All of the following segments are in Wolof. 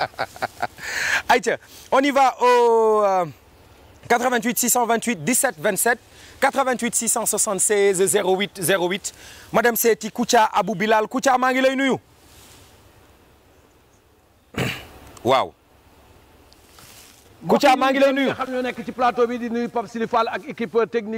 Aïcha, on y va au 88 628 17 27 88 676 08 08 ma dem seeti Kouthia Abou Bilal Kouthia maa ngi lay nuyu waaw Kouthia maa ngi lay nuyu xam ñoo nekk ci plateau bi di nuyu Pape Sidi Fall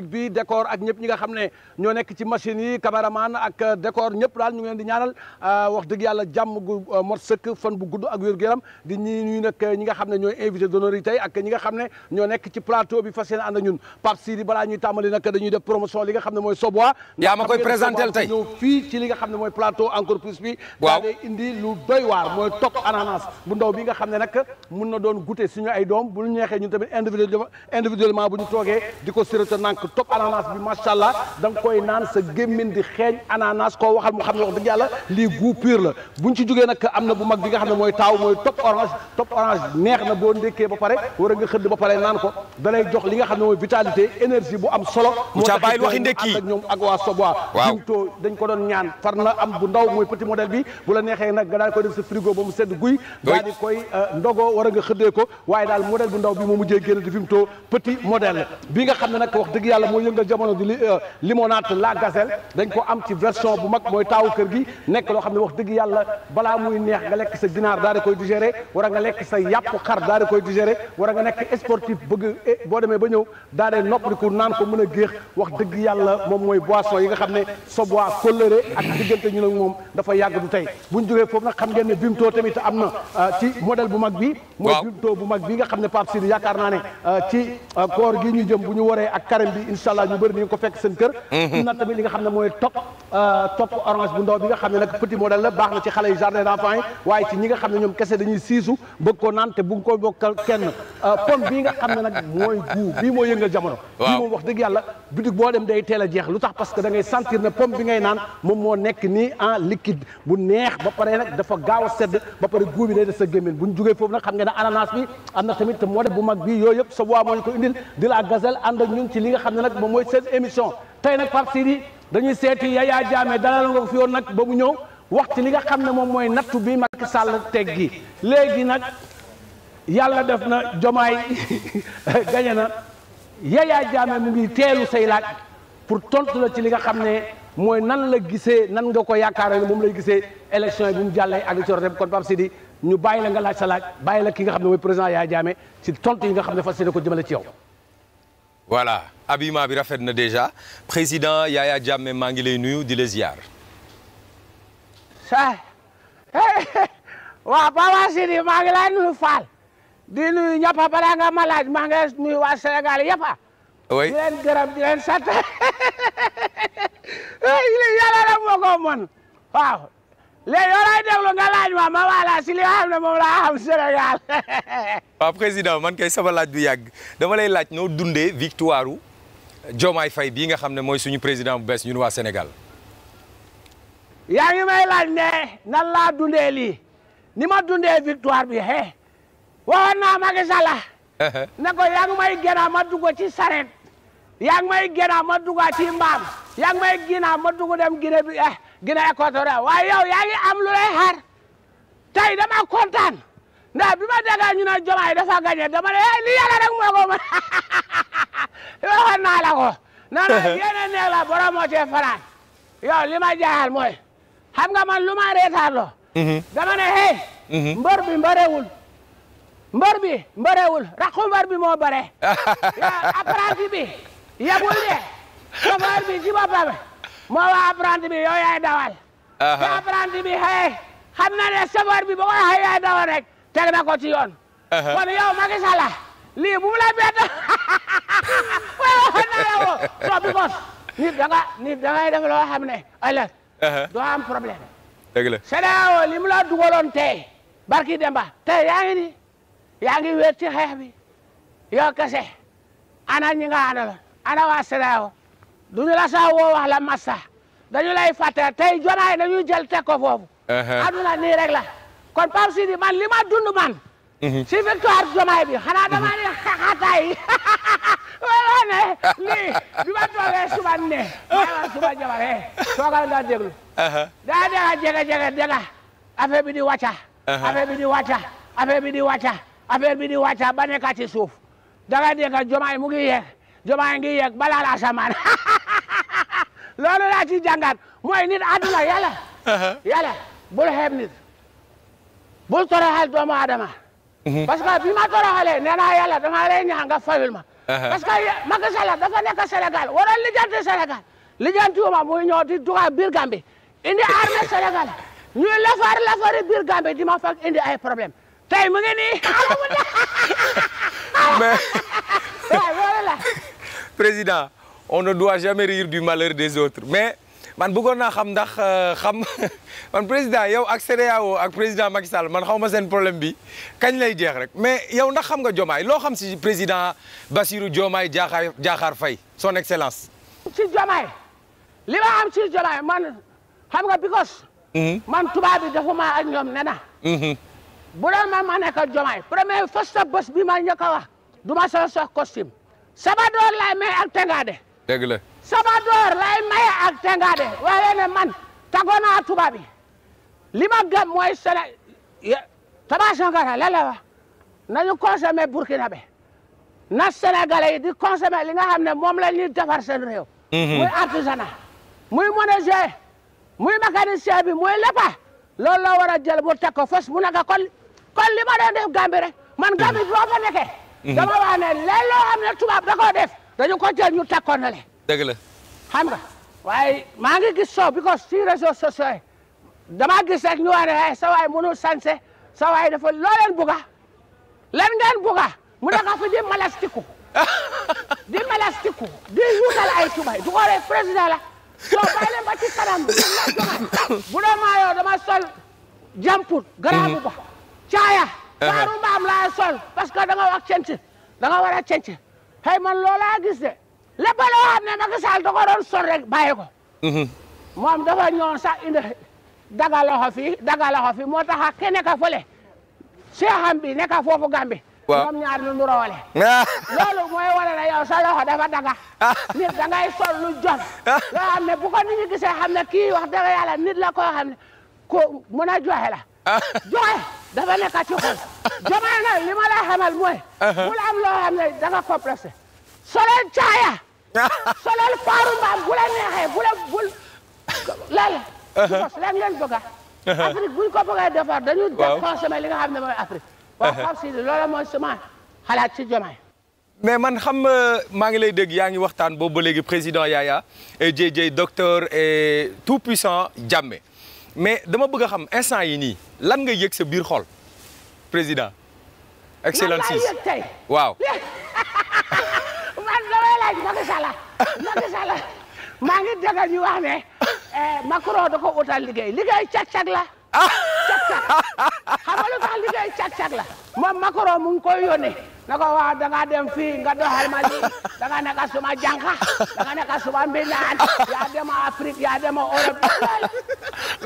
bi décor ak ñëpp ñi nga xam ne ñoo nekk ci machine yi caméraman ak décor ñëpp daal ñu ngi leen di ñaanal euh, wax dëgg yàlla jàmm gu euh, mot sëkk fan bu gudd ak wér gu di ñi nuyu nag euh, ñi nga xam ne ñooy invité d'honneur tey ak ñi nga xam ne ñoo nekk ci plateau bi fas yéene ànd ak ñun Pape Sidi balaa tàmbali nag dañuy def promotion li nga xam ne mooy Soboa yaa ma koy présentel tey ñëw fii ci li nga xam ne mooy plateau encore plus bi daal indi lu doy waar mooy toog ananas bu ndaw bi nga xam ne nag mun na doon gute goûter suñu ay doom bu ñu neexee ñun tamit individuellement individuellement bu ñu toogee di ko siré te nànk top ananas bi macha allah da nga koy naan sa gémmin di xeeñ ananas koo waxal mu xam ne wax dëgg yàlla am na bu mag bi nga xam ne mooy taaw mooy top na boo ndékkee ba pare a nga xëdd ba pare naan ko jox li nga xam ne mooy vitalité énergie bu am solo moo tax bàyyil waxi ndékki ak ko doon ñaan far am bu ndaw mooy petit modèle bi bu la neexee nag nga daal koy def sa frigo ba mu sedd guy daal koy euh, ndogo war a nga xëddee ko waaye daal modèle bu ndaw bi moo mujjee génn di fi mu too petit modèle bi nga xam ne nag wax dëgg yàlla mooy yëngal jamono di euh, limonade la gazelle dañ ko am ci version bu mag mooy taawu kër gi nekk loo xam ne wax dëgg yàlla balaa muy neex nga lekk sa ginaar daal di koy digérer war a nga lekk sa yàpp xar daal di koy digérer war a nga nekk sportif bëgg eh, boo demee ba ñëw daal di noppaliku naan ko mën a géex wax dëgg yàlla moom mooy boisson yi nga xam ne soboi coloré ak diggante ñu nag Pape Sidi yaakaar naa ne euh, ci euh, koor gi ñu jëm mhm. ne mooy topp euh, topp orange bu ndaw bi nga xam la baax na ci a parce que da ngay sentir ne pomme ngay naan moom moo nekk nii en bu neex ba pare nag dafa gaaw a sedd ba pare guu day des sa gémmiñ bu ñu foofu nag xam nga ananas bi am na tamit te moo def bu mag bi yooyu yëpp sa amoon moo ñu ko indil di la gazelle ànd ak ñun ci li nga xam ne nag moom mooy seen émission tey nag Pape Sidi dañuy seeti Yaya Jammeh dalal nga ko fi yoon nag ba mu ñëw wax ci li nga xam ne moom mooy nattu bi Macky Sall teggi léegi nag yàlla def na jomaay gañe na Yaya Jammeh mu ngi teelu say laaj pour tontu la ci li nga xam ne mooy nan la gisee nan nga ko yaakaaree moom lay gisee élection yi bu mu jàllee ak li ci kon Pape Sidi ñu bàyyi la nga laaj sa laaj bàyyi la ki nga xam ne mooy président Yaya Jammeh ci tontu yi nga xam ne fas yéene ko jëmale ci yow. voilà habillement bi rafet na déjà président Yaya maa ngi lay nuyu di la eh, nuyu Fall di nuyu ñëpp balaa nga ma laaj maa ngi nuyu waa Sénégal yëpp oui di leen gërëm di leen sant eh, yàlla waaw. léegi yow lay nga laaj ma ma wala si li nga xam ne moom laa xam Sénégal. waaw président man kay sama laaj du yàgg dama lay laaj noo dundee victoire u Diomaye Faye bii nga xam ne mooy suñu président bu bees ñun waa Sénégal. yaa ngi may laaj ne nan laa dundee lii ni ma dundee victoire bi he waxoon naa Macky ne ko yaa may gëna ma dugg ci saret yaa may gëna ma dugg ci mbaam yaa ngi may gëna ma dugg dem Guinée bi Guinée équatoriale waaye yow yaa ngi am lu lay xaar tey dama kontaan ndax bi ma dégg ñu ne Diomaye dafa gagné dama ne eh lii yàlla rek moo ko mën waxoon naa la ko. non non yéen neeg la borom moo cee faral yow li ma jaaxal mooy xam nga man lu ma reetaarloo. Mhm. dama ne hey. Eh, mhm. mbër bi mbërewul. mbër bi mbërewul rakku mbër bi moo bëre. apprenti bi yebul de chauffeur bi ci boppam. moo wax apprenti bi yow dawal. te apprenti bi xëy ne chauffeur bi ba koy xëy dawal rek teg ko ci yoon. kon yow Macky Sall lii bu la bett waaye waxoon naa la ko non because nit da nga nit da ngay def loo xam doo am problème. dëgg la CEDEAO li mu barki Demba tey yaa ngi yaa ngi wér ci xeex bi yow kese ana ñi nga àndaloon ana waa CEDEAO du ñu la woo wax la massa dañu lay fàtte tey jonaay dañuy jël teg ko uh-huh. aduna nii rek la kon Pape Sidi man li dund man. Mm-hmm. si victoire jomaay bi xanaa dama ne xaxataay ne lii bi ma toogee suba ne suba jabar eh toogal nga déglu uh-huh. daa dega jege jege dega affaire bi di wàcca uh-huh. affaire bi di wàcca affaire bi di wàcca affaire bi di wàcca ba nekk ci suuf danga dégg jomaay mu ngi yeeg jomaay ngi yeeg balaa la asamaan loolu laa ciy jàngaat mooy nit àdduna yàlla. Uh-huh. yàlla bul xeeb nit bul toroxal doomu aadama. Mm-hmm. parce bi ma toroxalee nee naa yàlla damaa lay ñaan fayul ma. Uh-huh. parce que Macky Sall dafa nekk Sénégal waroon lijjanti Sénégal muy ñëw di dugal biir indi armée Sénégal ñuy lafar lafari biir Gambie di ma fag indi ay problème tey mu nii alamu la waaw loolu on ne doit jamais rire du malheur des autres mais man bëggoon naa xam ndax euh, xam man président yow ak CEDEAO ak président Macky Sall man xaw ma seen problème bi kañ lay jeex rek mais yow ndax xam nga Diomaye loo xam si président Bassirou Diomaye Diakhar Diakhar Faye son excellence. ci Diomaye li ma am ci Diomaye man xam nga because mhm. man tubaab bi defuma ak ñoom nee na. Mhm. bu doon man ma nekk Diomaye premier first bés bi ma njëkk a wax du ma soxla costume. Sabador laay may ak Tengadé. dëgg la lay maye ak tengaade waaye ne man tagoonaa tubaab yi li ma gëm mooy Séné Thomas Sankara la la wax nañu consommer Burkina be na Sénégalais yi di consommer li nga xam ne moom la ñuy defar seen réew mhm. muy artisanat muy menuisier muy mécanicien bi muy lépp loolu la war jël bu teg ko mu naka kon kon li ma doon def Gambie rek man fa nekkee mhm. dama wax ne loo xam ne tubaab da def dañu ko jël ñu takkoon le dëgg la xam waaye maa ngi gis soow because ci réseaux sociaux yi gis rek ñu war a eh, sa waay mënul sanse sa waay dafa loo leen buga lan ngeen buga mu naka fi di malastiku di di yuutal ay tubay du ko rek président la soo bàyyi leen ba ci kanam bi la joxe bu dee caaya saaru mbaam laa sol parce que da nga wax cenc da war xëy man loolaa gis de lépp loo xam ne Macky Sall da ko son rek bàyyi ko. Mhm. moom dafa ñëwoon sax indi daga loxo fi daga loxo fi moo tax ak ke nekk fële seexam bi nekk foofu Gambie. waaw moom ñaar lu nduroole. Ah. loolu mooy wane ne yow sa loxo dafa daga. Ah. nit da ngay sol lu jom. Ah. loo xam ne bu nit ñi gisee xam ne kii wax dëgg yàlla nit la koo xam ne ko mën a joxe la. joxe. dafa nekk ci xol jamono nag li ma lay xamal mooy. Uh-huh. bul am loo xam ne da nga solel caaya. solel paaru mbaam bu la neexee bul lal. parce que lan ngeen bëgg a. Uh-huh. Afrique ko bëggee defar dañu def consommer li nga ne mooy Afrique. waaw xam uh-huh. si mooy sama xalaat ci jamono. mais man xam euh, maa ngi lay dégg yaa ngi waxtaan boobu ba léegi président Yaya et JJ docteur tout puissant Jammeh. mais dama bëgg a xam instant yi nii lan nga yëg sa biir xol président. excellence man maa yëg tey man damay laaj Macky Sall Macky Sall maa ngi dégg ñu wax ne eh, Macron da ko utal liggéey liggéey càq-càq la. càq-càq lu tax liggéey càq-càq la moom Macron mu koy yónnee na ko waaw da dem fii nga doxal ma lii da nga nekk suma jànka da nga nekk suma mbindaan yaa dem Afrique yaa dem Europe.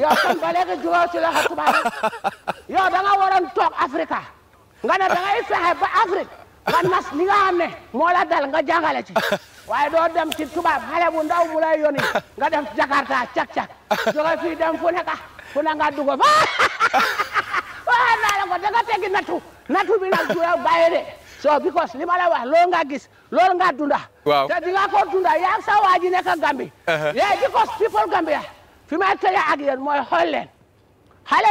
yow kon ba léegi jugoo ci loxo tubaab yi yow da nga waroon toog nga nas li nga ne moo la dal nga jàngale ci waaye doo dem ci tubaab xale bu ndaw mu lay yónni nga def Jakarta cak cak jóge fii dem fu nekk fu ne nga fa waaw naa la ko da nga teggi natu natu bi nag du yow de so because li ma la nga gis loolu nga dunda. waaw te ko dunda yaa sa waa ji nekk Gambie. yeah uh-huh. because people Gambia. fi may tëjee ak yéen mooy xool leen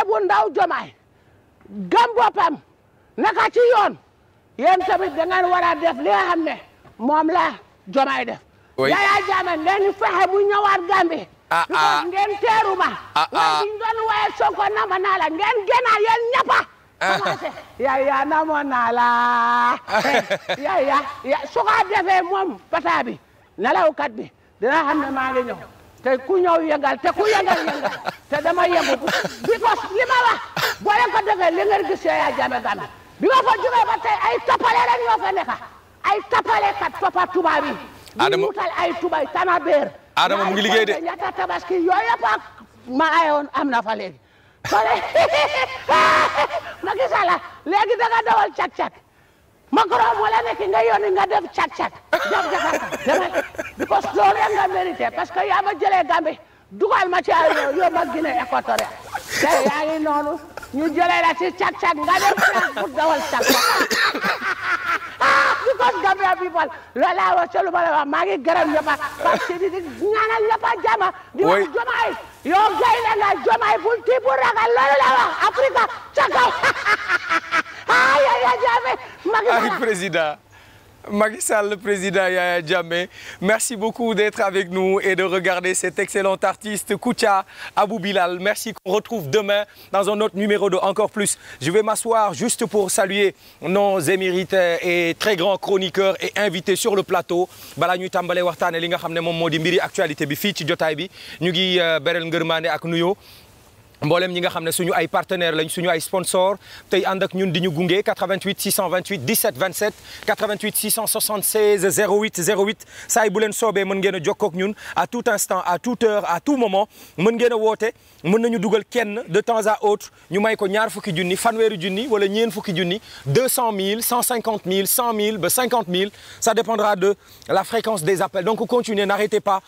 bu ndaw jomaay gëm boppam naka ci yoon yéen tamit da ngeen war def li nga xam ne moom la jomaay def. oui Yaya Jammeh ngeen fexe bu ñëwaat Gambie. Ah, ah. ngeen teeru ma. ah ah ngeen génnaat yéen ñappa. Ah. commencé Yaya nama naa la. Yaya defee moom pata bi nalawkat bi dina ne maa ngi ñëw. te ku ñëw yëngal te ku yëngal yëngal te dama yëngu because li ma wax boo leen ko déggee li ngeen gis Yaya bi ma fa jógee ba tey ay tapale rek ñoo fa nekk ay tapale kat toppa tubaab yi Adama wutal ay tubay tana beer Adama mu ngi liggéey de ñaata tabaski yooyu yëpp ak ma am na fa léegi ma gisala léegi da nga dawal cak-cak Macron wala nekk nga yónni nga def cak cak because loolu rek nga mérité parce que yaa ma jëlee Gambie dugal ma ci avion yow ma Guinée équatoriale tey yaa ngi noonu ñu jëlee la ci cak cak nga dem France pour dawal cak cak ah, because Gambia people loolu laa wax ca lu ma la maa ngi gërëm ñëpp parce que di ñaanal ñëpp a jàmm di wax jomaay yow gaynde nga jomaay bul tiibu ragal loolu la wax Afrique ca kaw Yaya président Macky Sall le président Yaya merci beaucoup d'être avec nous et de regarder cet excellent artiste Kouthia Abou Bilal merci qu'on retrouve demain dans un autre numéro de Encore Plus je vais m'asseoir juste pour saluer nos émérites et très grands chroniqueurs et invités sur le plateau balaa ñuy tàmbalee waxtaane li nga xam ne moom moo di mbiri actualité bi fii ci jotaay bi ñu ngi euh, beral ngërmaane ak nuyoo mboolem ñi nga xam ne suñu ay partenaires lañ suñu ay sponsor tey ànd ak di ñu gunge 88 628 17 27 88 676 08 08 saa yi bu leen soobee mën ngeen a jokkoo ak ñun à tout instant à toute heure à tout moment mën ngeen a woote mën nañu dugal kenn de temps à autre ñu may ko ñaar fukki fanweeri junni wala ñeen fukki junni ba 50 000 dépendra de la fréquence des appels donc continuez n'arrêtez pas